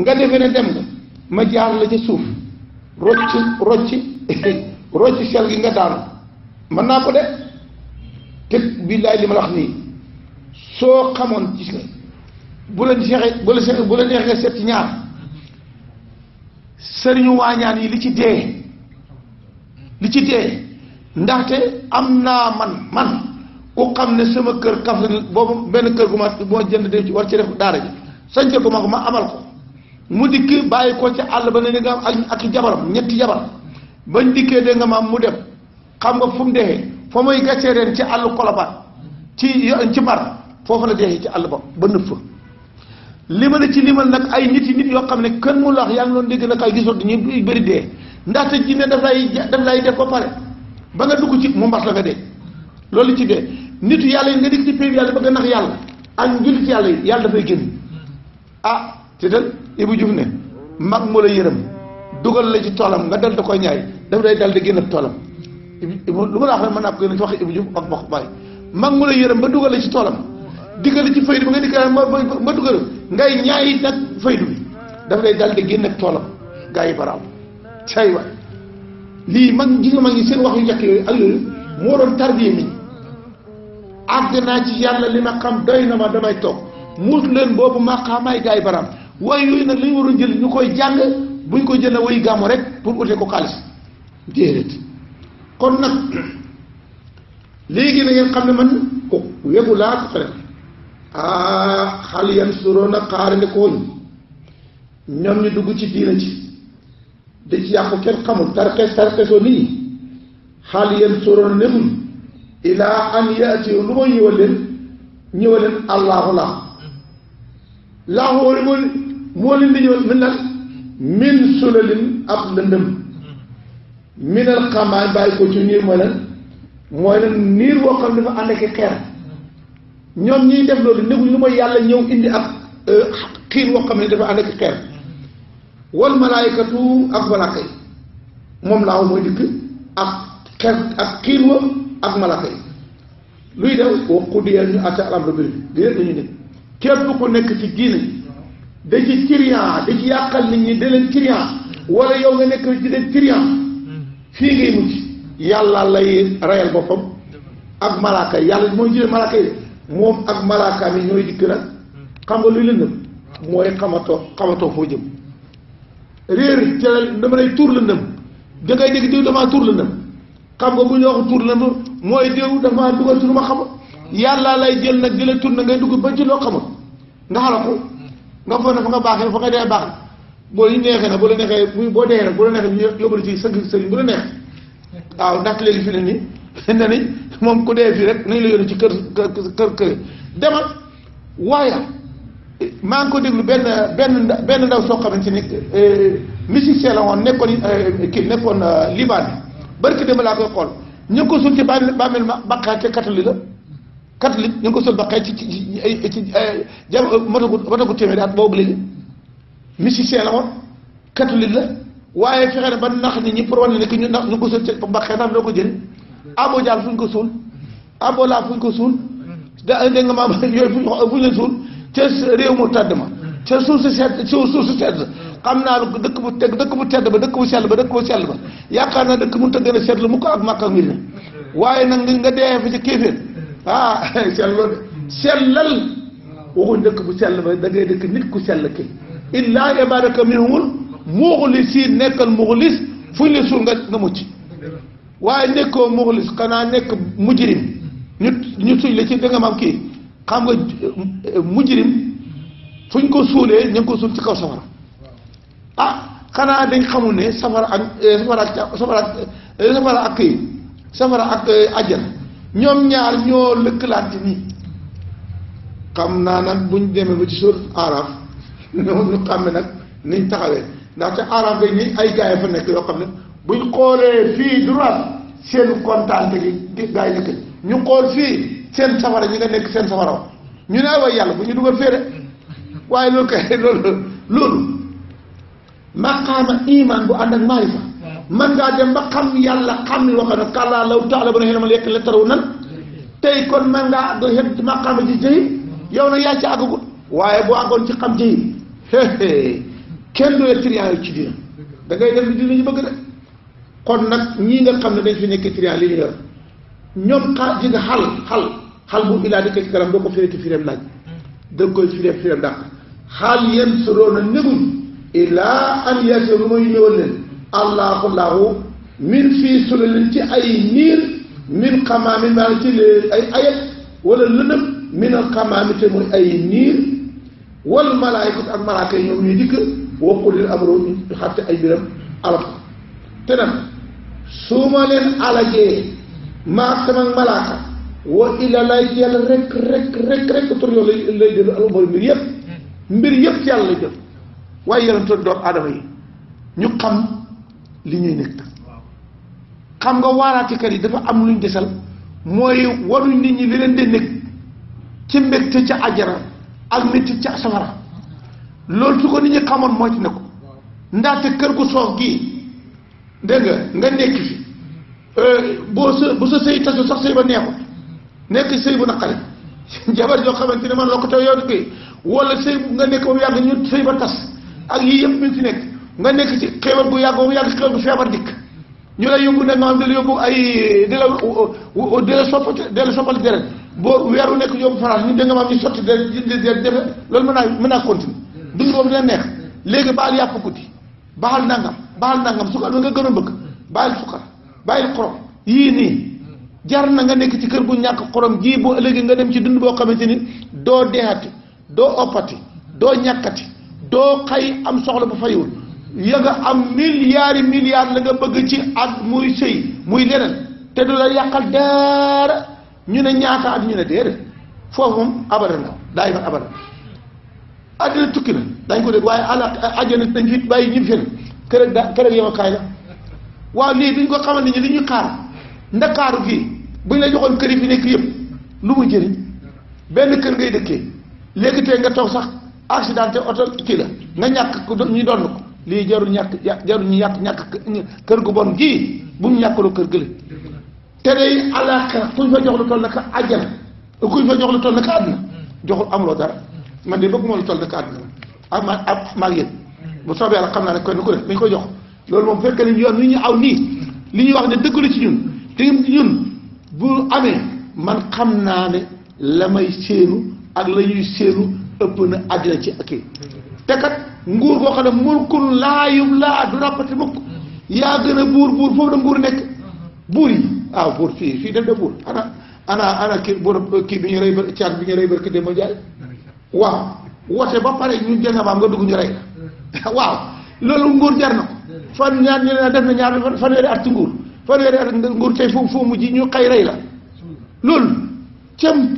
nga defee ne dem nga ma jaar la ci suuf rocc rocc rocc sel gi nga daal man naa ko de te billahi li ma wax nii soo xamoon ci nga bu la jeexee bu la jeexee bu la neexee set ñaar sëriñu waañaan yi li ci dee li ci dee ndaxte am naa man man ku xam ne sama kër kaf la boobu benn kër gu ma boo jënd de war ci def daara ji sañ ko ma ko ma amal ko mu dikk bàyyi ko ca àll ba ne nga am ak jabaram ñetti jabar ba bañ dikkee da nga maam mu dem xam nga fu mu dexee fa muy gàccee reen ci àll kolobaat ci ci mar foofu la dexee ci àll ba ba nëb fa limale ci limal nag ay nit yi nit yoo xam ne kenn mu la wax yaa ngi doon dégg nag ay gisoo ñu bëri dee ndaxte jinne daf lay daf lay def ba pare ba nga dugg ci mu mbas la nga dee loolu ci dee nit yàlla yi nga dikk ci péeb yàlla ba nga nax yàlla ak njullit yàlla yàlla dafay génn ah, te dal Ibou Diouf ne mag mu la yërëm dugal la ci toolam nga dal da koy ñaay daf day dal di génn toolam Ibou lu ma la wax rek mën naa ko génn ci wax Ibou Diouf ba dugal ci toolam diggal ci faydu bi nga diggal ba dugal ngay ñaayi nag faydu bi génn toolam gaa yi baraaw say waay lii mag gi wax yu njëkk yooyu moo doon tarbiye nit ñi àgg naa ci yàlla li ma xam doy na ma damay toog muut leen boobu ma xamaay gaa yi baraam waaye yooyu nag li ñu waroon jël ñu koy jàng buñ ko jëlee way gàmmu rek pour ute ko xaalis déedéet kon nag léegi na ngeen xam ne man ko wegu laa ko xare ah xal yan suroon a xaarandi kooñ ñoom ñu dugg ci diina ci di ci yàqu kenn xamul tarxes tarxesoo nit ñi xal yan suroon a nekkul ilaa an yaati lu ma ñëwal leen ñëwal leen allahu laahu laahu wari moo leen di ñëwal min lan min sulalin ab lëndëm minal xamaay bàyyi ko ci niir mooy lan mooy lan niir boo xam dafa ànd ak xeer ñoom ñiy def loolu néguñu lu mooy yàlla ñëw indi ab euh, xiir boo xam ne dafa ànd ak xeer wal malaayikatu ak malaaka yi moom laaw mooy dikk ak xeer ak xiir wa ak malaaka luy def wa qudiya ñu àtte al amru bi lépp dañu ne képp ku nekk ci diine da ci client da ci yàqal nit ñi da leen client yow nga nekk ci def client fii ngay mujj yàlla lay rayal boppam ak malaaka yàlla mooy jëlee malaaka yi moom ak malaaka mi ñooy dikk nag xam nga luy lëndëm mooy xamatoo xamatoo foo jëm réer ci la dama lay tuur lëndëm da ngay dégg diw tuur lëndëm xam nga bu ñu wax tuur lëndëm mooy diw damaa dugal ci lu ma xamul yàlla lay jël nag di tuur na ngay dugg ba ci loo xamul nga xala ko nga foog ne fa nga baaxee fa nga dee baax na boo yi neexee na bu la neexee bu boo dee rek bu la neexee ñu yóbbu ci sëg sëriñ bu la neex waaw ndax léegi fi ne nii moom ku dee fii rek nañ la yónni ci kër kër kër demal waaye maa ngi ko déglu benn benn benn ndaw soo xamante ni eh, musicien la woon nekkoon eh, kii nekkoon eh, Liban barki dem laa koy xool ñu ngi ko suul ci bàmmeel ma bàqaate katali la catholique ñu ngi ko sol ba xëy ci ci ci ay ci jam matagu matagu téeméeri at boobu léegi mysticien la woon catholique la waaye fexe na ba nax nit ñi pour wane ne que ñu nax ñu ko sol ci ba xëy na ko jël abo jaal fu ñu ko suul abo laa fu ko suul da dégg nga maam yooyu fu ñu fu ñu leen suul ca réew mu tàdd ma ca suuf si sedd suuf si sedd xam naa lu dëkk bu teg dëkk bu tedd ba dëkk bu sell ba dëkk bu sell ba yaakaar naa dëkk mu tëgg na sedd lu mu ko ak màkk ak mi waaye nag nga dee fi ci kéeféer ah seetlu de sellal dëkk bu sell ba da ngay dëkk nit ku sell ki illaa ibadaka minhumul muxlisiin nekkal muxlis fuñ la suul nga nga mucc waaye nekkoo muxlis xanaa nekk mujrim ñu ñu suñ la ci da nga maam kii xam nga mujrim fuñ ko suulee ñu ko suul ci kaw safara ah xanaa dañ xamul ne safara ak eh, safara ak safara ak eh, safara eh, ñoom ñaar ñoo lëkkalaat nii xam naa nag buñ demee bu ci suur aaraaf ñoom xam ne nag niñ taxawee ndax ca aaraaf dañ ni ay gaay fa nekk yoo xam ne buñ xoolee fii seen kontaante gi gaay ñu xool fii seen safara ñu nga nekk seen safara ñu ne waaye yàlla bu ñu dugal fee de waaye loolu kay loolu loolu maqaama iman bu ànd ak maarifa man ngaa dem ba xam yàlla xam ni waxoon na kàllaa law ta'lamuna ilmal yaqin la nan tey kon man ngaa àgg yëpp maqaama ji jëy yow nag yaa ci àggagut waaye boo àggoon ci xam jëy kenn du la triant ci dina da ngay dem dina ñu bëgg de kon nag ñii nga xam na dañ fi nekk triant li ñu yor ñoom xaar ji nga xal xal xal bu ilaa dëkk ci kanam doo ko fireeti fireem laaj doo koy fireem fireem dàq xaal yenn su roon a néguñ ilaa an yasuru mooy ñëwal leen allahu lahu min fii sulalin ci ay niir min xamaamin maanaam ci les ay wala lëndëm min al xamaami te ay niir wal malaayikatu ak malaaka yi ñoom ñuy dikk waqulil amru ay biram alal te nag su ma leen alagee maa sama malaaka wa illa lay yàlla rek rek rek rek tur yow lay lay jël al mbir yëpp mbir yëpp ci yàlla lay jël li ñuy nekk xam nga kër yi dafa am luñ desal mooy waruñ nit ñi li leen di nekk ci mbégte ca àjjana ak métti ca safara loolu su ko nit ñi xamoon moytu ne ko ndaxte kër gu soof gi dégg nga nga nekk fi euh, boo sa bu sa sëy tasu sax sëy ba neexut nekk sëy bu naqari jabar yoo xamante ne man loo ko taw yow di wala sëy nga nekk ba yàgg ñu sëy ba tas ak yii yëpp mi fi nekk nga nekk ci xéewal gu yàgg yàgg xéewal gu feebar dikk ñu lay yóbbu nag maanaam di la yóbbu ay di la di la soppati di la soppal deret boo weer weeru nekk yóbbu France ñu da nga maam ñu sotti deret di defe loolu mën naa mën naa continuer dund boobu dina neex léegi baal yàpp guddi baal nangam baal nangam sukar bi nga gën a bëgg bàyyil sukar bàyyil xorom yii nii jar na nga nekk ci kër bu ñàkk xorom gii boo léegi nga dem ci dund boo xamante ni doo deexati doo oppati doo ñàkkati doo xay am soxla bu ya nga am milliards yi milliards la nga bëgg ci at muy sëy muy leneen te du la yàqal dara ñu ne ñaata at ñu ne déedéet foofu moom abadan la daay man abadan àddina tukki na dañ ko dégg waaye àll àjjana dañ fi bàyyi ñibbi fenn kër da kër yow kaay la waaw lii bi ñu ko xamal ni ñu li ñuy xaar ndakaaru gii bu ñu la joxoon kër yi fi nekk yëpp lu muy jëriñ benn kër ngay dëkkee léegi tey nga toog sax accidenté oto kii la nga ñàkk ñu doon ko. lii jarul ñàkk jarul ñu ñàkk kër gu bon gii bu mu ñàkkaloo kër gële te day àllaaxira kuñ fa jox lu toll naka àjjana kuñ fa jox lu toll naka àdduna joxul amuloo dara man de bëgguma lu toll naka àdduna ak ma ak maag yéen bu soobee yàlla xam naa ne kenn ku def dañ ko jox loolu moom fekk nañ yoon wi ñu aw nii li ñuy wax ne dëgg la ci ñun te ñun bu amee man xam naa ne la may séenu ak la ñuy séenu ëpp na àddina ci ak kii nguur goo xam ne mulkun laayum laa du rappati mukk yaa gën a buur buur foofu da nguur nekk buur yi waaw buur fii fii def da buur ana ana kii buur kii bi ñu rey ba caat bi ñu ba kii dem jaay waaw woote ba pare ñu jël nga maam nga dugg ñu rey la waaw loolu nguur jar na ko fan ñaar ñu ne def na ñaar fanweeri at ci nguur fanweeri at nguur tey foofu foofu mujj ñu xay rey la loolu cëm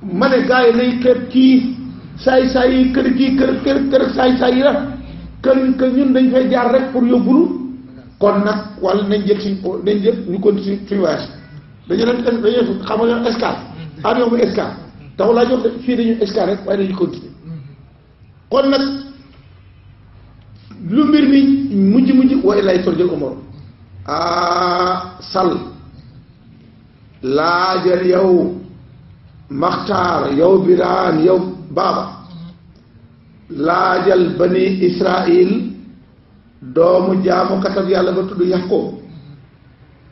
ma ne gars yi lay xeeb kii saay-saay yi kër gi kër kër kër saay-saay yi la kër kër ñun dañ fay jaar rek pour yóbbulu kon nag wala nañ jël suñ nañ jël ñu continuer suñu voyage dañu leen dañu xam nga ñoom escale avion bu escale taxu laa jox fii dañu escale rek waaye dañu continuer kon nag lu mbir mi mujj mujj waaye lay torjal omoro ah sal laajal yow maxtaar yow biraan yow baaba laajal bani israil doomu jaamukatab yàlla ba tudd yàqoob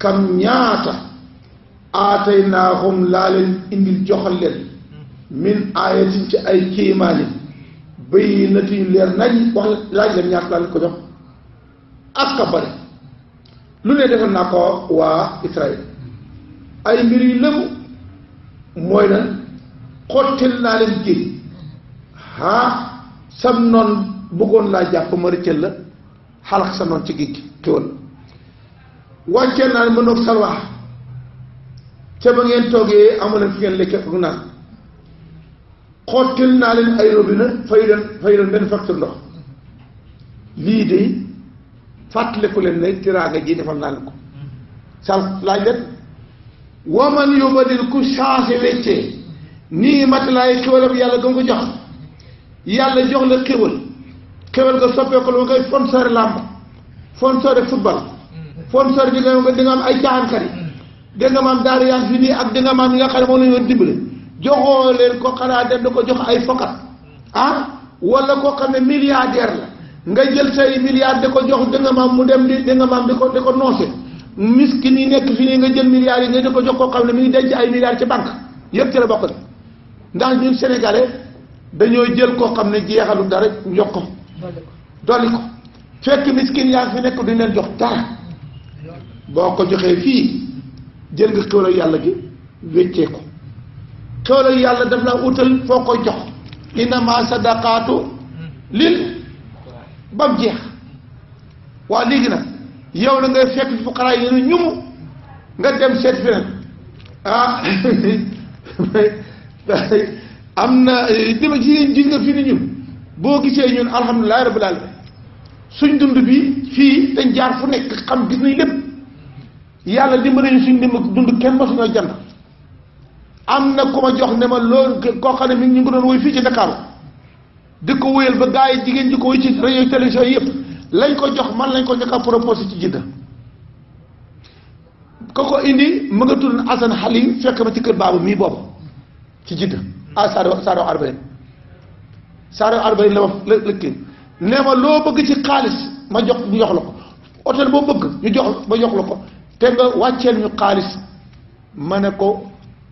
kam ñaata aatay naaxum laa leen indil joxal leen min aayatin ci ay kiimaani bayyinati yu leer nañ laaj leen ñaata laa leen ko jox ak ka bari lu ne defal naa ko waa Israël ay mbir yu lëmu mooy na xottil naa leen géej ah sam noon bëggoon laa jàpp ma rëccal la xalax sa noon ci géej ki teewal wàccee naa ne mënoog salwaax ca ba ngeen toogee amuleen fi ngeen lekkee ak naan xottil naa leen ay robinet fay leen fay leen benn facture ndox lii de fàttaliku leen ne tiraanga ji defal naa leen ko sal laaj leen waman yóbbadil ku changé weccee nii mat laay xiwalam yàlla gëm ko jox yàlla jox la xéwal xéwal nga soppeeku la nga koy sponsor làmb sponsor football mm. sponsor bi nga di nga am ay mm. da nga maam fi nii ak da nga maam yi nga xam ne moom la ñu joxoo leen ko xanaa dem ko jox ay fokat ah koo xam ne milliardaire la nga jël say milliards di ko jox da nga mu dem di da nga maam ko di ko noose miskin yi nekk fi nii nga jël milliards yi nga di ko jox koo xam ne mi ngi denc ay milliards ci banque yëpp ci la bokk de ndax ñun sénégalais. dañoo jël koo xam ne jeexalu dara yokk ko dolli ko fekk miskin yaa fi nekk duñ leen jox dara boo ko joxee fii jël nga xéwal yàlla bi wéccee ko xéwal yàlla daf la utal foo ko jox innama sadaqaatu lil ba mu jeex waa léegi nag yow na ngay fekk fuqaraa yi ne ñumu nga dem seet feneen ah am na eh, dima ci gis nga fii ni ñun boo gisee ñun alhamdulilahi rabbil alamin suñ dund bi fii dañ jaar fu nekk xam gis nañ lépp yàlla dimbali ñu suñ dem dund kenn mosu ñoo jant am na ku ma jox ne ma loolu koo xam ne mi ñu ngi doon ci Ndakaaru di ko wéyal ba gars yi jigéen di ko woy ci rajo télévision yëpp lañ ko jox man lañ ko njëkk a proposé ci jidda ko ko indi mu nga tudd Assane Halim fekk ma ci kër baabu mii boobu ci jidda ah Sadou Sadou Arbaïne Sadou Arbaïne la ma la lëkkee nee ma loo bëgg ci xaalis ma jox ñu jox la ko hôtel boo bëgg ñu jox ma jox la ko te nga wàcceel ñu xaalis ma ne ko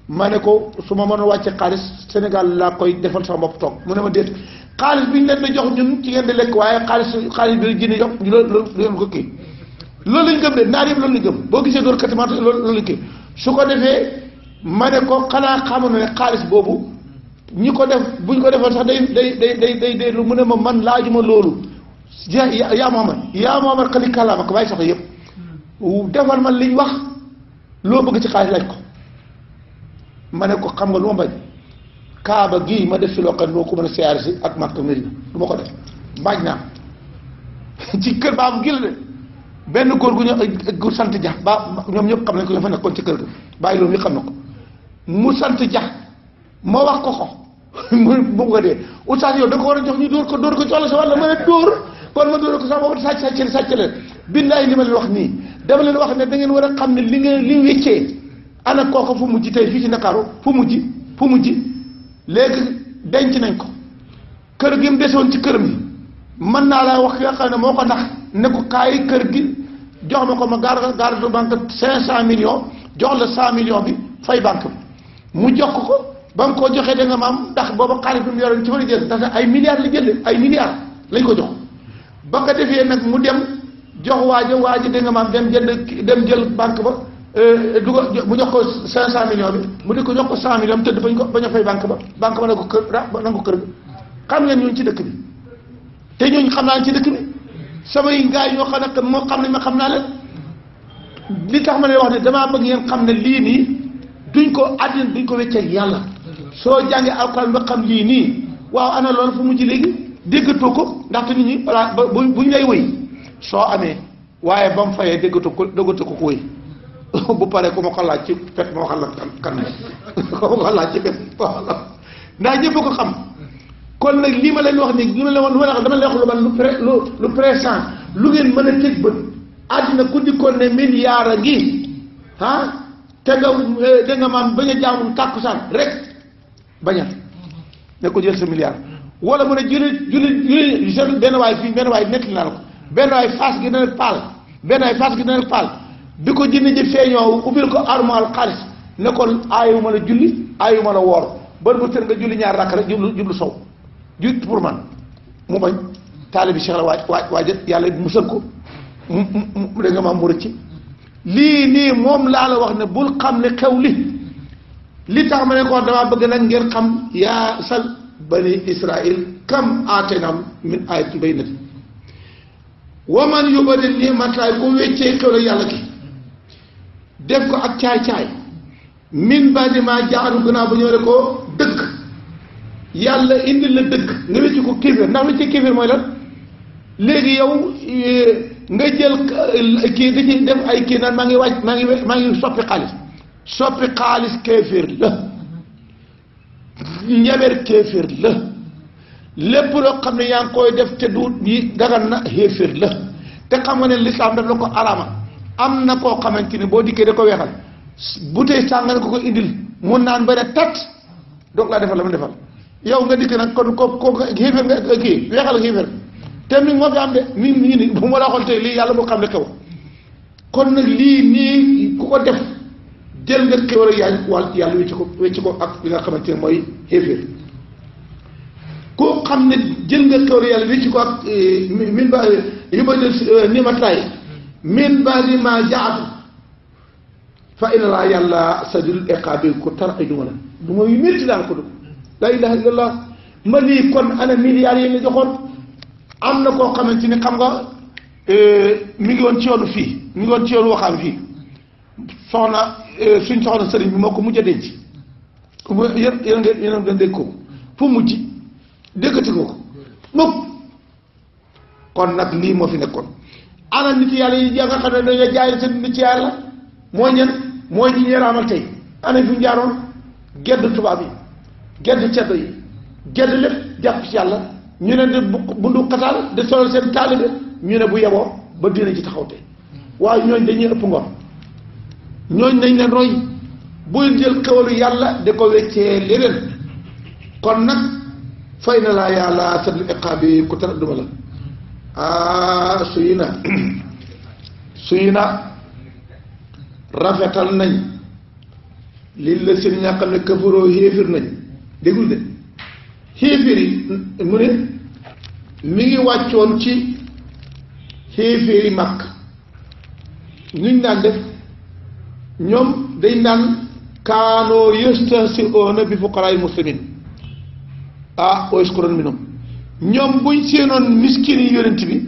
ma ne ko su ma mën a wàcce xaalis Sénégal laa koy defal sax bopp toog mu ne ma déet xaalis bi ñu leen di jox ñun ci ngeen di lekk waaye xaalis xaalis bi dina jox ñu ko kii loolu lañ gëm de naar yëpp loolu lañ gëm boo gisee door katimat loolu lañ kii su ko defee ma ne ko xanaa xamoon ne xaalis boobu ñi ko def buñ ko defal sax day day day day day day lu mu ne ma man laajuma loolu yaa yaa Muhammad yaa Muhammad xali ko bàyyi soxla yëpp defal ma liñ wax loo bëgg ci xaalis laaj ko ma ne ko xam nga lu ma bañ gii ma def fi loo xam ko mën a siyaare si ak Makka Medina ko def bañ naa ci kër baabu gi la benn góor gu ñu gu sant ja ba ñoom ñëpp xam nañ ko ñoo fa nekkoon ci kër ga bàyyi loolu ñu xam na ko mu sant ja ma wax ko ko mu bu nga dee oustaz yow da ko war a jox ñu dóor ko dóor ko coolo sa wàlla ma ne dóor kon ma dóor ko sax boobu sàcc sàcc leen sàcc leen billaay li ma leen wax nii dama leen wax ne da ngeen war a xam ne li nga li wéccee ana kooku fu mujj tey fii ci Ndakaaru fu mujj fu mujj léegi denc nañ ko kër gi mu desoon ci këram yi mën naa laa wax yoo xam ne moo ko ndax ne ko kaay kër gi jox ma ko ma gaar gaar du banque cinq cent millions jox la cent millions bi fay mu jox ko ba mu ko joxee da nga maam ndax booba xaalis bi mu yoroon ci fa la jël parce que ay milliards la jël ay milliards lañ ko jox ba ko defee nag mu dem jox waaja waaja da nga maam dem jënd dem jël banque ba euh, dugal mu jox ko 500 millions bi mu di ko jox ko 100 millions tëdd a fay banque ba banque ba na ko kër ra na ko kër xam ngeen ñooñu ci dëkk bi te ñooñu xam naa ci dëkk bi samay ngaay yoo xam ne moo xam ne ma xam naa leen li tax ma ne wax ne damaa bëgg ngeen xam ne lii nii duñ ko àddina duñ ko wéccee yàlla. soo jàngee alxuraan ba xam lii nii waaw ana loolu fu mujj léegi déggatoo ko ndaxte nit ñi balaa ba bu buñ lay wëy soo amee waaye ba mu fayee déggatoo ko déggatoo ko ko wëy bu paree ku ma ko laaj ci fet ma waxal la kan kan la ku ma ko laaj ci fet ndax ñëpp ko xam kon nag lii ma leen wax nii li ma leen wax dama leen wax lu man lu pré lu lu présent lu ngeen mën a tëj bët àddina ku dikkoon ne milliard a ngi ah te nga te eh, nga maam bañ a jaamul tàkkusaan rek. bañ ne ko jël sa milliard wala mu ne jullit jullit jullit jeune benn waaye fii benn waay nettali naa la ko benn waay faas gi dana paal benn waay faas gi dana paal bi ko jinne ji feeñoo ubbil ko armal xaalis ne ko aayu ma la julli aayu ma la woor bër bu tër nga julli ñaar rakk rek jublu jublu sow jut pour man mu bañ taalibi Cheikh la waaj waa waaj yàlla musal ko mu mu da nga ma mu rëcc lii nii moom laa la wax ne bul xam ne xew li li tax ma ne ko dama bëgg nag ngeen xam yaa sal bani israil kam aatinam min ayatin bayyinatin wa man yubadil ni'matallahi ku weccee xew la yàlla ki def ko ak caay-caay min ba'di maa jaa'ahu gannaaw ba ñëwee ko dëkk yàlla indi la dëkk nga wécc ko kéeféer ndax ci kéeféer mooy lan léegi yow nga jël kii di ci def ay kii naan maa ngi wàcc maa ngi maa ngi soppi xaalis soppi xaalis kéeféer la njaber kéeféer la lépp loo xam ne yaa ngi koy def te du yi dagan na kéeféer la te xam nga ne lislaam daf la ko arama am na koo xamante ni boo dikkee da ko weexal bu tey sàngara ko ko indil mun naan ba ne tat doog laa defal la mu defal yow nga dikk nag kon ko ko kéeféer nga kii weexal kéeféer te mi moo fi am yàlla moo xam ne xew kon nag lii nii ko def jël nga xéwal yaa wàll yàlla wécc ko ko ak li nga xamante ne mooy xéeféer koo xam ne jël nga xéwal yàlla wécc ko ak eh, min ba yu ba ni ma eh, tay min ba di ma jaatu fa inna laa yàlla sadidul iqaabi ku tar ay duma la du ma yu métti daal ko dugg la ilaha illallah ma nii kon ana milliards yi ñu joxoon am na koo xamante ni xam nga eh, mi ngi woon ci yoonu fii mi ngi woon ci waxaam fii soxna eh, suñ soxna sëriñ bi moo ko mujj a denc yéen yéen yéen ngeen dégg ko fu mujj déggati kon nag lii moo fi nekkoon ana nit yàlla yi nga xam ne dañoo jaay seen nit yàlla mooy ñen mooy ñi ñeeraamal tey ana fi njaaroon gedd tubaab yi gedd ceddo yi gedd lépp jàpp ci yàlla ñu ne di bu ndu xataal di solal seen taalibe ñu ne bu yeboo ba dina ci taxaw tey waaye ñooñ dañuy ëpp ngor ñooñ nañ leen roy bul jël xewalu yàlla di ko weccee leneen kon nag fay na laa yàlla sadlu iqaab bi ku tara duma la ah suy na suy na rafetal nañ lii la seen ñaa ne kafaroo xéefir nañ déggul de xéefir yi mu ne mi ngi wàccoon ci xéefir yi màkk nuñ daan def ñoom day naan kaanoo yastahzi'uuna bi fuqaraay muslimin ah wa yasxuruuna minhum ñoom buñ seenoon miskin yi yonent bi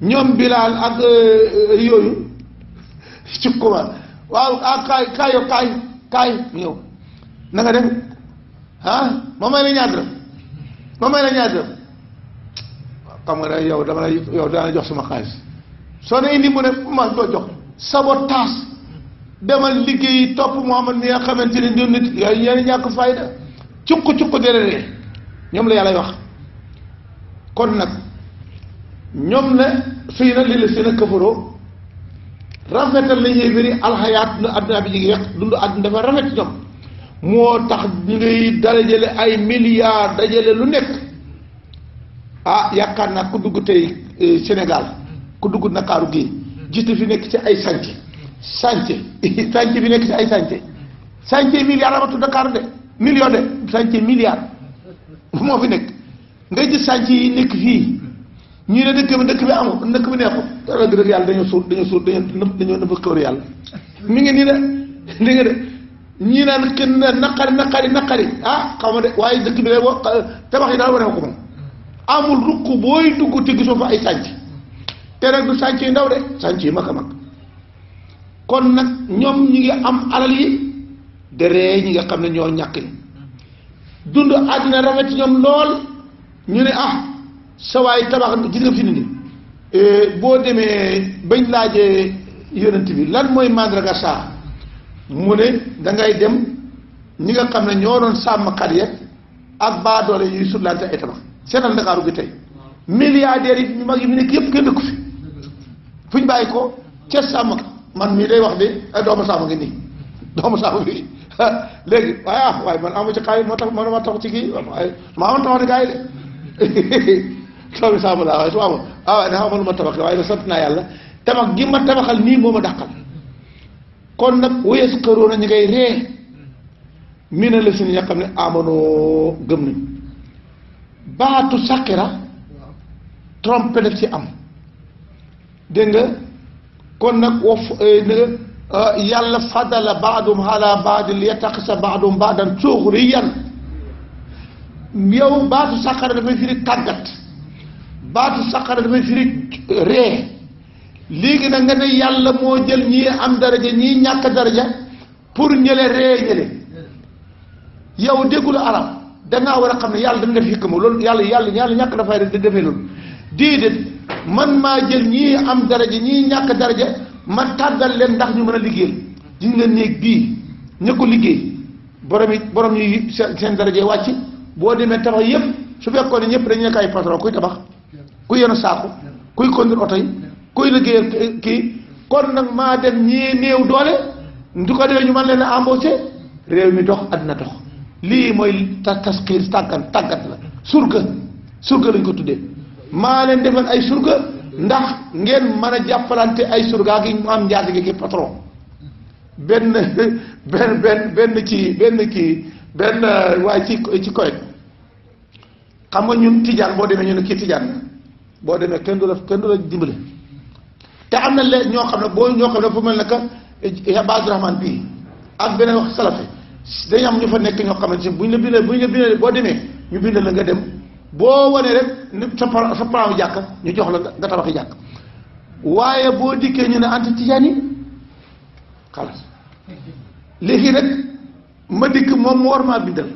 ñoom bilaal ak euh, euh, yooyu ci kuba waaw ah kaay kaay kaay kaay ñëw na def ah may la ñaar dërëm ma may la ñaar dërëm xam nga ne yow dama la yow dana jox sama xaalis soo ne indi mu ne ma doo jox sabotage demal liggéeyi topp Muhammad mi nga xamante ni ñoom nit ñeneen ñàkk fayda cuq cuq dérére ñoom la yàlla wax kon nag ñoom ne fii na lii la seen a këfaroo rafetal la yéebéri alxayaat nu àdduna bi jigi yàq dund àdduna dafa rafet ñoom moo tax ñu ngiy jële ay milliards dajale lu nekk ah yaakaar naa ku dugg tey euh, Sénégal ku dugg Ndakaaru gi gis fi nekk ci ay sànci chantier chantier bi nekk ci ay chantier chantier milliard amatu Dakar de million de chantier milliard moo fi nekk ngay gis chantier yi nekk fii ñu ne dëkk bi dëkk bi amul dëkk bi neexul dara yàlla dañoo suur dañoo suur dañoo dañoo nëbb xewru yàlla mi ngi nii de naan kenn naqari naqari naqari ah xaw ma de waaye dëkk bi de boo euh, tabax yi daal wane ko man amul ruq booy dugg te gisoo fa ay chantier te rek du chantier yu ndaw de chantier yu mag a mag kon nag ñoom ñi ngi am alal yi de ree ñi nga xam ne ñoo ñàkk ñi dund àdduna rafet ci ñoom lool ñu ne ah sawaay tabax gis nga fi ni eh, boo demee bañ laajee yonent bi lan mooy mandraga saa mu ne dangay dem ñi nga xam ne ñoo doon sàmmkat ya ak baadoole yuy sutlante ay tabax seetal ndakaaru gi tey milliardaires yi ñu mag yi mu nekk yëpp kenn dëkku fi fu ñu bàyyi ko ca sàmmkat man mii day wax de eh, doomu saama ngi nii doomu saama bi léegi waaye ah waaye man amu ci xaalis moo tax man ma tax ci kii waaye ma amoon taxaw di gars yi de doomu saama laa waaye su ma amoon ah waaye tabax waaye ma tabaxal nii moo ma dàqal kon nag wéyes xëroon na ñu ngay ree mii na la si ñi nga xam ne gëm nañ baatu sàqira trompe def ci am dégg كون نك وف يلا فضل بعضهم على بعض اللي يتقس بعضهم بعضا سخريا ميو بعض سكر المزري تنقت بعض سكر المزري ريه ليك نغن يلا موجل ني ام درجه ني نياك درجه pour ñëlé ré ñëlé yow déggul arab da nga wara xamné yalla dañ la fi kamu lool yalla yalla ñaan ñak da fay def defé lool dédé man maa jël ñii am daraja ñii ñàkk daraja man tàggal leen ndax ñu mën a liggéey di nga néeg bii ña ko liggéey borom it borom yi seen seen daraja wàcc boo demee tabax yëpp su fekkoon ne ñëpp dañu nekk ay patron kuy tabax kuy yenu saako kuy conduire oto yi kuy liggéeyal kii kon nag maa dem ñii néew doole du ko defee ñu mën leen a embaucher réew mi dox àddina dox lii mooy tas tas xiir tàggat tàggat la surga surga lañ ko tuddee. maa leen defal ay surga ndax ngeen mën a jàppalante ay surgaa gi mu am njaatige ki patron benn benn benn benn ci benn kii benn waaye ci ci koy xam nga ñun tijaan boo demee ñu ne kii tijaan boo demee kenn du la kenn du la dimbale te am na leen ñoo xam ne boo ñoo xam ne fu mel ne que Abdou Rahman bii ak beneen wax salafi dañu am ñu fa nekk ñoo xam ne buñ la bindee buñ la bindee boo demee ñu bind la nga dem. boo wanee rek ni sa sa plan jàkk ñu jox la nga tabaxi jàkk waaye boo dikkee ñu ne anti tijaan yi xalaas léegi rek ma dikk moom mu war maa bindal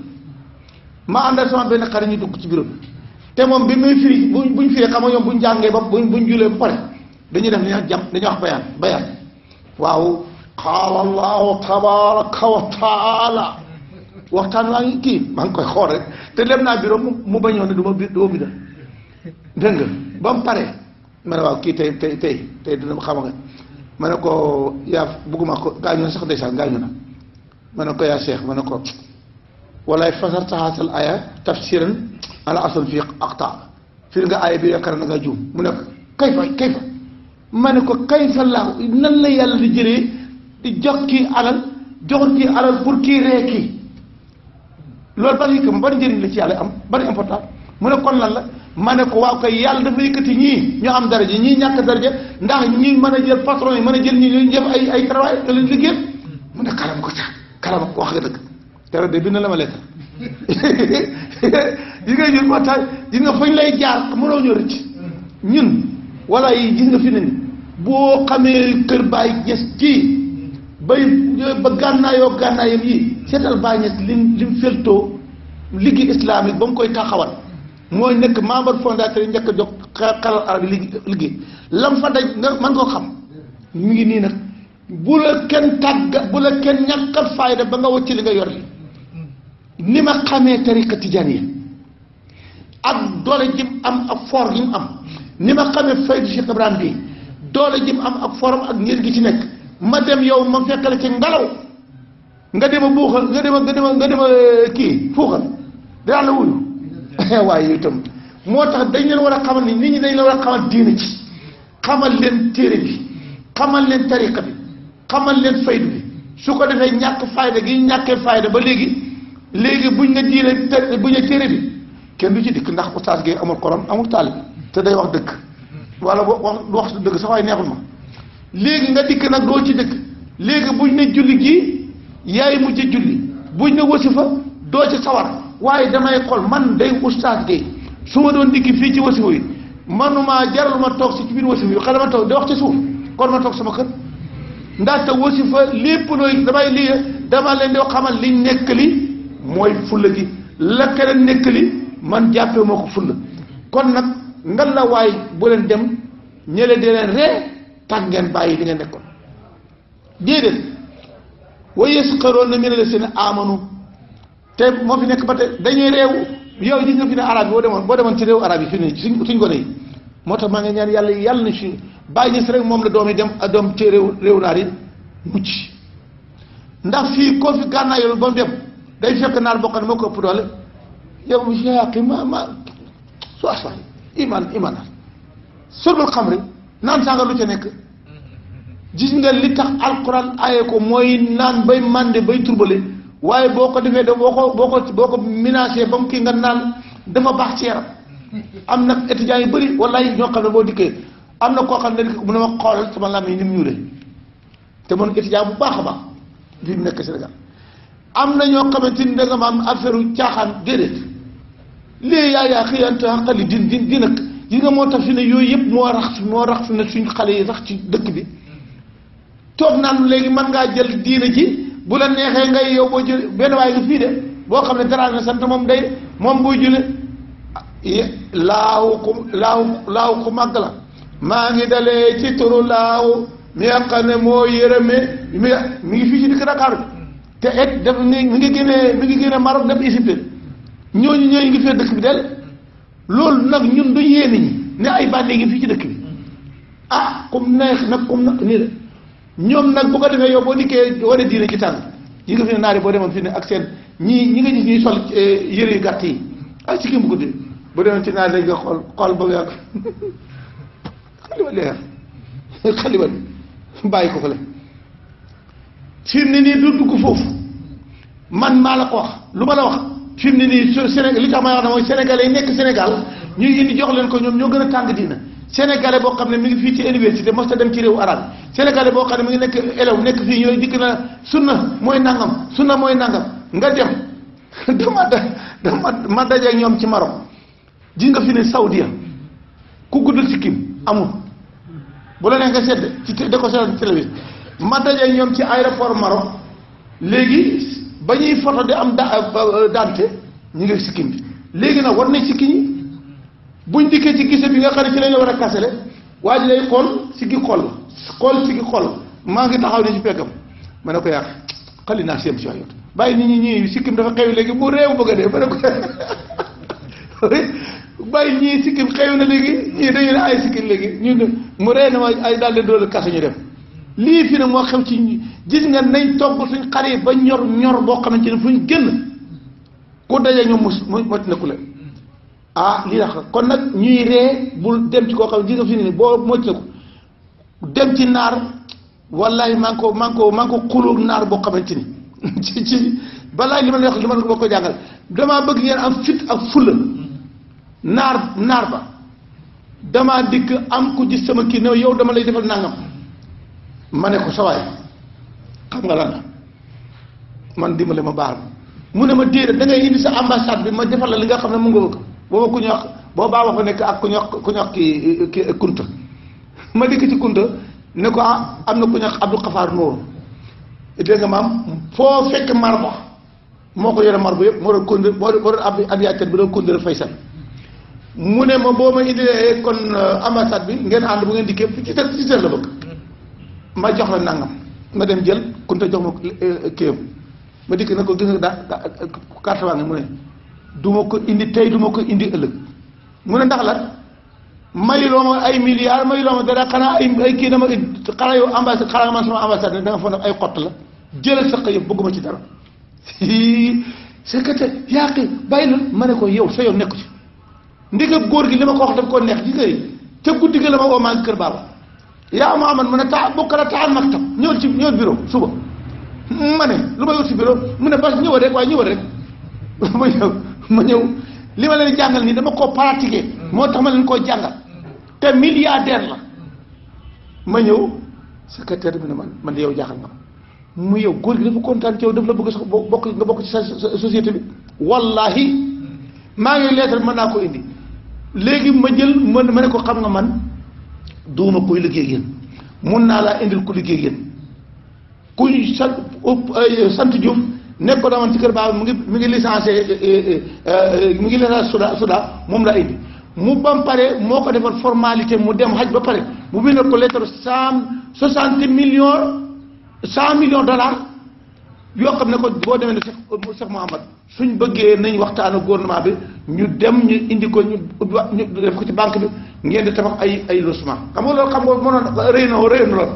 ma àndal sama benn xarit ñu dugg ci bureau bi te moom bi muy firi bu buñ firi xam nga buñ jàngee ba buñ buñ julee ba pare dañuy def dañuy jàpp dañuy wax bayaan bayaan waaw qaala allahu tabaraka wa taala waxtaan waa ngi kii maa ngi koy xool rek te lem naa bureau mu bañoon ne du ma bi du ma bi dégg nga ba mu pare ma waaw kii tey tey tey tey dina ma nga ma ne ko yaa bugguma ko gaañu na sax ndeysaan gaañu na ma ne ko yaa seex ma ne ala asal fii aqta fii nga aaya bi yaakaar na nga juum mu ne kay fa kay fa ma ko kay fa laaw nan la yàlla di jëlee jox kii alal jox kii alal pour kii ree loolu parce que ban njëriñ la ci yàlla am ban important mu ne kon lan la ma ne ko waaw koy yàlla dafa yëkkati ñii ñu am daraja ñii ñàkk daraja ndax ñi mën a jël patron yi mën a jël ñi ñu def ay ay travail te leen liggéey mu ne kalam ko caa kalam ko wax nga dëgg keroog de bind la ma lettre yi ngay jël moo tax di nga fañ lay jaar mënoo ñu rëcc ñun wala yi gis nga fi ne nii boo xamee kër Baye Niass kii bay euh, ba gànnaayoo gànnaayam yi seetal Baay Ñas lim lim feltoo ligue islamique ba mu koy taxawal mooy nekk membre fondateur yi njëkk a jox xelal arab yi liggéey lam fa koo xam mu ngi nii nag bu la kenn tàggat bu la kenn ñàkkal fayda ba nga wacc li nga yor ni ma xamee tariqa yi ak doole jim am ak for jim am ni ma xamee faydu Cheikh Ibrahim bi doole jim am ak forom ak ñër gi ci nekk ma dem yow ma fekkale ci ngelaw nga dem a buuxal nga dem a nga dem a nga dem a eh, kii fuuxal dinaa la wuyu waaye itam moo tax dañ leen war a xamal ni nit ñi dañ leen war a xamal diina ci xamal leen téere bi xamal leen tariqa bi xamal leen faydu bi su ko defee ñàkk fayda gi ñàkkee fayda ba léegi léegi buñ nga diine te bu nga téere bi kenn du ci dikk ndax oustaz gi amul korom amul taalibe te day wax dëgg wala wax wax dëgg sax waaye neexul léegi nga dikk nag doo ci dëkk léegi ñu ne julli gii yaay mujj julli buñ ne wasifa doo ci sawar waaye damay xool man day ustaas gay su ma doon dikki fii ci wasifa yi manuma jaral ma toog si ci biir wasifa yi xale ma toog di wax ci suuf kon ma toog sama kër ndaxte wasifa lépp looy damay lii dama leen di xamal liñ nekk li mooy fulla gi la keneen nekk li man jàppee moo ko fulla kon nag ngal waay bu leen dem ñële di leen ree tax ngeen bàyyi li ngeen nekkoon déedéet wa yasxaruuna mina llaziina aamanu te moo fi nekk ba tey dañuy réew yow ñu ñoo fi ne arab yi boo demoon boo demoon ci réew arab yi fi ne suñ suñ gone moo tax maa ngi ñaan yàlla yàlla na si bàyyi ñis moom la doom yi dem doom ci réew réew naar yi mucc ndax fii koo fi gànnaayoon ba mu dem day fekk naar bokk moo ko ëpp doole yow yaaqi ma ma so asla iman iman sërbal xam rek naan sanga lu ca nekk gis nga li tax alquran aye ko mooy naan bay mànde bay turbale waaye boo ko defee da boo ko boo ko boo ko ménagé ba mu kii nga naan dafa baax ci yaram am nag étudiants yu bëri wallaay ñoo xam ne boo dikkee am na koo xam ne mu ne ma xoolal sama lam yi ni mu ñuulee te man étudiant bu baax a baax bi mu nekk Sénégal am na ñoo xamante ni da nga ma am affaire caaxaan déedéet léegi yaa yaa xëyante xaqali din din din ak gis nga moo tax fi ne yooyu yëpp moo rax moo rax fi ne suñ xale yi sax ci dëkk bi toog naan léegi mën ngaa jël diina ji bu la neexee ngay yow boo jël benn waay nga fii de boo xam ne dara na sant moom day moom boo jëlee laaw ku laaw laaw ku màgg la maa ngi dalee ci turu laaw mi nga ne moo yërëme mi mi ngi fii ci dëkk Dakar te et def mi ngi génnee mi ngi génnee Maroc def Égypte ñooñu ñooñu ngi fee dëkk bi del loolu nag ñun du yéene ñi ne ay bànnee ngi fii ci dëkk bi ah kum neex nag kum nag nii la ñoom nag bu ko defee yow boo dikkee war a diine ci tànn yi nga fi ne naari boo demoon fi ne ak seen ñi ñi nga gis ñuy sol eh, yëre yu gàtt yi ak ah si kii mu guddi bu demoon ci naar léegi nga xool xool ba mu yàgg xaliba bàyyi ko fa la fi ne nii du dugg foofu man maa la ko wax lu ma la wax fi ni ne nii li tax may wax ne mooy sénégalais yi nekk Sénégal ñuy indi jox leen ko ñoom ñoo gën a tàng diina sénégalais boo xam ne mu ngi fii ci université mos ta dem ci réewu arab sénégalais boo xam ne mi ngi nekk élève nekk fii ñooy dikk na na mooy nangam na mooy nangam nga dem dama dama ma daje ak ñoom ci Maroc ji nga fi ne Saudia ku guddul sikkim amul bu la nee nga sedd ci da ko seetaan télévision ma daje ak ñoom ci aéroport Maroc léegi ba ñuy photo di am dante ñu ngi sikkim bi léegi nag war nañ sikki ñi buñ dikkee ci gise bi nga xam ne ci lañ la war a kasale waa ji lay xool sikki xool la xool sikki xool maa ngi taxaw ne ci peggam ma ne ko yaa xali naa siem si waayot bàyyi nit ñi ñii sikkim dafa xew léegi mu réew bëgg a dee ma ne ko bàyyi ñii sikkim xew na léegi ñii dañu ne ay sikkim léegi ñu mu ree na ma ay daal di doolu kase ñu dem lii fi ne moo xew ci gis nga nañ togg suñ xar yi ba ñor ñor boo xamante ne fuñ génn ku daje ñoom mu mot na ku leen ah lii la kon nag ñuy ree bul dem ci koo xam ne gis nga fi ne boo mot na ko dem ci naar wallahi maa ngi ko maa ngi ko maa ngi ko xulóog naar boo xamante ni ci ci balaa li ma leen wax li ma leen ko jàngal damaa bëgg ngeen am fit ak fulla naar naar ba damaa dikk am ku gis sama kii ne yow dama lay defal nangam. mané ko saway xam nga lan man dimbalé ma baal mu ne ma dédé da ngay indi sa ambassade bi ma defal la li nga xamné mu ngoo ko booba ku ñox boobaa ba fa nek ak ku ñox ku ñox ki ki kunta ma dik ci kunta ne ko ah, amna ku ñox abdou khafar noo dégg nga maam fo fekk marba moko yore marba yëpp moo doon kondé bo doon abdi ab bi do ko ndir faysal mu ne ma boo ma kon euh, ambassade bi ngeen and bu ngeen dikkee ci ci seen la bëgg ma jox la nangam ma dem jël kunta jox ma kéem eh, eh, ma dikk na ko gis nga daa carte waa mu ne du ma ko indi tey du ma ko indi ëllëg mu ne ndax lan mayuloo ma ay milliards mayuloo ma dara xanaa ay ay kii dama xanaa yow ambassade xanaa man sama ambassade ne da nga ne ay xott la jëlal sa xëy bëgguma ci dara secrétaire yaa ngi bàyyi loolu ma ne ko yow sa yoon nekku ci ndegam góor gi li ma ko wax daf koo neex ji kay ca guddi ga la ma woo ngi kër yaa aman mu ne taa bokkala taal maktab ñëwal ci ñëwal bureau suba ma ne lu ma wut si bureau mu ne bas ñëwal rek waaye ñëwal rek ma ñëw ma ñëw li ma leen jàngal nii dama koo pratiquer moo tax ma leen koo jàngal te milliardaire la ma ñëw secrétaire bi ne man ma de yow jaaxal nga mu yow góor gi dafa kontaan ci yow daf la bëgg sax bokk nga bokk ci sa société bi wallahi maa ngi lettre ma naa ko indi léegi ma jël ma ne ko xam nga man duuma kuy liggéey yéen mun naa laa indil ku liggéey yéen kuy sant sant Diouf nekk ko daman ci kër baax mu ngi mu ngi licencié eh, eh, eh, mu ngi licencié suda suda moom la indi mu bam pare moo ko defal formalité mu dem xaj ba pare mu bindal ko lettre cent soixante millions cent millions dollars yoo xam ne ko boo demee ne Cheikh Cheikh Mouhamad suñ bëggee nañ waxtaan ak gouvernement bi ñu dem ñu indi ko ñu ñu def ko ci banque bi ngeen di tabax ay ay logement xam nga loolu xam nga mënoon rëy na rëy na lool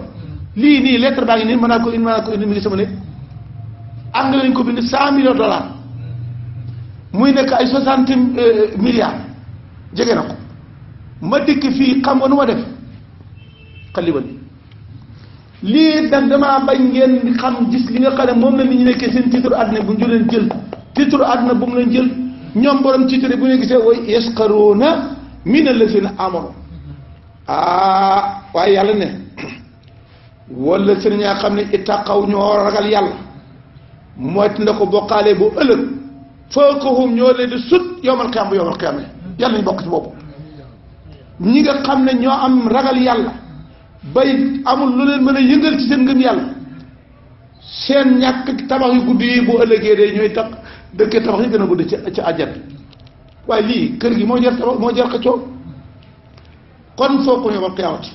lii nii lettre baa ngi nii mën naa ko indi mën ko indi mi ngi sama ne am nañ ko bind 100 millions dollars muy nekk ay 60 euh, milliards jege na ko ma dikk fii xam nga nu ma def xalibal lii nag bañ ngeen xam gis li nga xam ne moom la nit ñi nekkee seen titre àdduna bu ñu leen jël titre àdduna bu mu leen jël ñoom borom ci titre bu ñu gisee way yasqaruna min allazina amaru ah waaye yàlla ne wala seen ñaa xam ne ittaqaw ñoo ragal yàlla mooy na ko bokkaale bu ëllëg fawqahum ñoo leen di sut yowmal qiyaama bu yowmal qiyaama yàlla ñu bokk ci boobu ñi nga xam ne ñoo am ragal yàlla bay amul lu leen mën a yëngal ci seen ngëm yàlla seen ñàkk tabax yu guddi yi bu ëllëgee day ñooy tax dëkk tabax yi gën a gudd ci ci àjjana waaye lii kër gi moo jar tabax moo jar xëccoo kon foo ko yawmal qiyaamati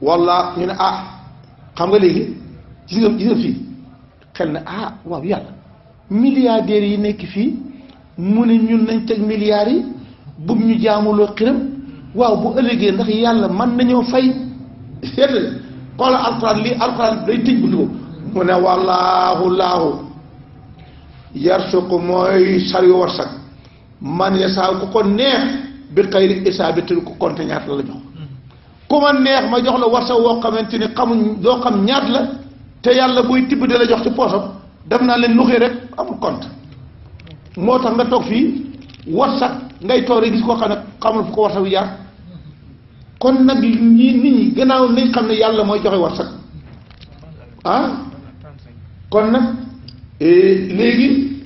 walla ñu ne ah xam nga léegi gis nga gis nga fii xel ne ah waaw yàlla milliardaires yi nekk fii mu ne ñun nañ teg milliar yi bu ñu jaamuloo xiram waaw bu ëllëgee ndax yàlla man nañoo fay seet xoolal alxuraan lii alxuraan day tëj bu dugub mu ne wallaahu yarsuqu mooy sariyu warsak man yasaa ku ko neex bi xayri isaabatil ku compte ñaata la la jox ku ma neex ma jox la warsak woo xamante ne xamuñ doo xam ñaat la te yàlla buy tibb di la jox ci poosam def naa leen nuxee rek amul compte moo tax nga toog fii warsak ngay toog rek gis koo xam ne xamul fu ko warsak wi jaar kon nag ñi nit ñi gannaaw nañ xam ne yàlla mooy joxe warsak ah kon nag léegi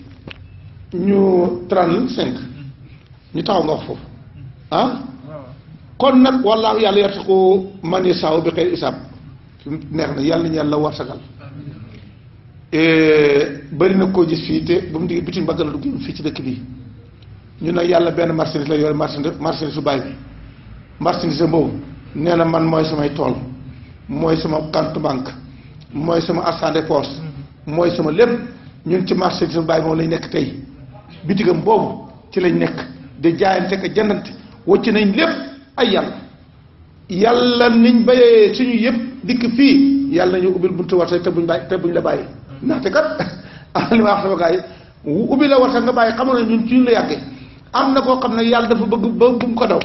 ñu trente cinq ñu taxaw nga wax foofu ah? kon nag wallaahu yàlla yarta ko man saaw bi xëy isaab neex na yàlla ñu yàlla war sagal eh, bëri na koo gis fii te ba mu digg bitim bagg la dugg fii ci dëkk bi ñu ne yàlla benn marchandise la yore marchandise marchandise su baay bi marchandise boobu nee na man mooy samay tool mooy sama compte banque mooy sama argent de mm-hmm. mooy sama lépp ñun ci marché suñu bàyyi moom lañ nekk tey bitigam boobu ci lañ nekk di jaayante ka jëndante wocc nañ lépp ay yàlla yàlla niñ bayee suñu yëpp dikk fii yàlla nañu ubbil buntu warta te buñ bàyyi te buñ la bàyyi ndaxte kat am li ma wax sama gars yi ubbi la warta nga bàyyi xamoon ne ñun ci ñu la yàggee am na koo xam ne yàlla dafa bëgg ba bu mu ko daw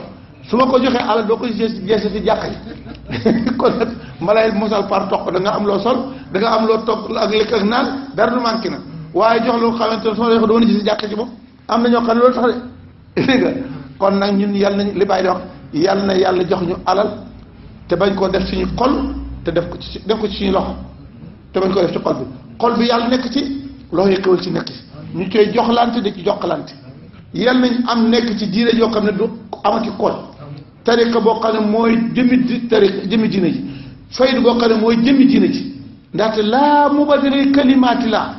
su ma ko joxee alal doo ko jeese ci jàkka yi kon nag ma lay mosal par toq da nga am loo sol da nga am loo toog ak lekk ak naan dara du na waaye jox lu xamante ne doo doon gis jàkk ci moom am na ñoo xam ne loolu tax de kon nag ñun yal nañu li bàyyi di wax yal na yàlla jox ñu alal te bañ koo def suñu xol te def ko ci def ko ci suñu loxo te bañ koo def ci xol bi yàlla nekk ci loxo yi xewal ci nekk ci ñu koy joxlante di ci jokkalante yal nañ am nekk ci diine yoo xam ne du amati kool tariqa boo xam ne mooy jëmi di tariqa jëmi diine ji faydu boo xam ne mooy jëmi diine ji ndaxte laa mubadira kalimaati laa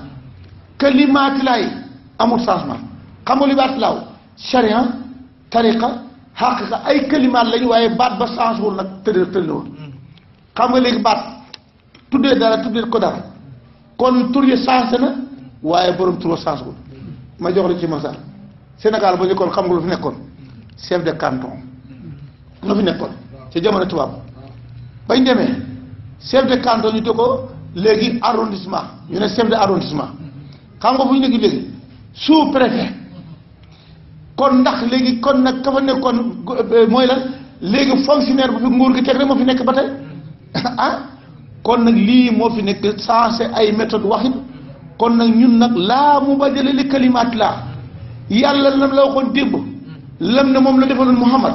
kalimaati laay amul changement xam nga li baat laaw charia tariqa xaqiqa ay kalimaat lañu waaye baat ba change wul nag tëdd tëdd woon xam nga léegi baat tuddee dara tuddee ko dara kon tur yi na waaye borom tur change wul ma jox la ci masal Sénégal ba njëkkoon xam nga lu fi nekkoon chef de canton lu fi nekkoon ci jamono tubaab bañ demee chef de canton ñu te ko léegi arrondissement ñu ne chef de arrondissement xam nga fu ñu nekk léegi sous préfet kon ndax léegi kon nag ka fa nekkoon mooy la léegi fonctionnaire bu fi nguur gi teg rek moo fi nekk ba tey ah kon nag lii moo fi nekk sensé ay méthode waxit kon nag ñun nag laa mu badale li kalimaat laa yàlla lam la waxoon démb lam ne moom la defaloon Muhammad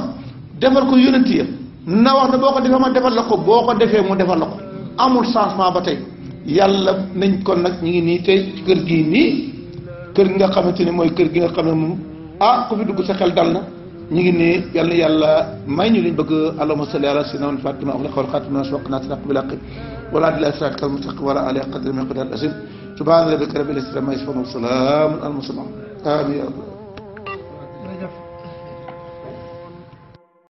defal ko yónent ya na wax ne boo ko defee ma defal la ko boo ko defee mu defal la ko amul changement ba tey yàlla nañ kon nag ñu ngi nii tey ci kër gii nii kër gi nga xamante ni mooy kër gi nga xam ne moom ah ku fi dugg sa xel dal na ñu ngi nii yàlla yàlla may ñu liñ bëgg allahumma salli ala sayyidina wa fatima akhla qawl khatima shaq nas raq bil aqi wala adla sirat al mustaqim wala ala qadri min qadar asim subhana rabbika rabbil izzati amma yasifun wa salamun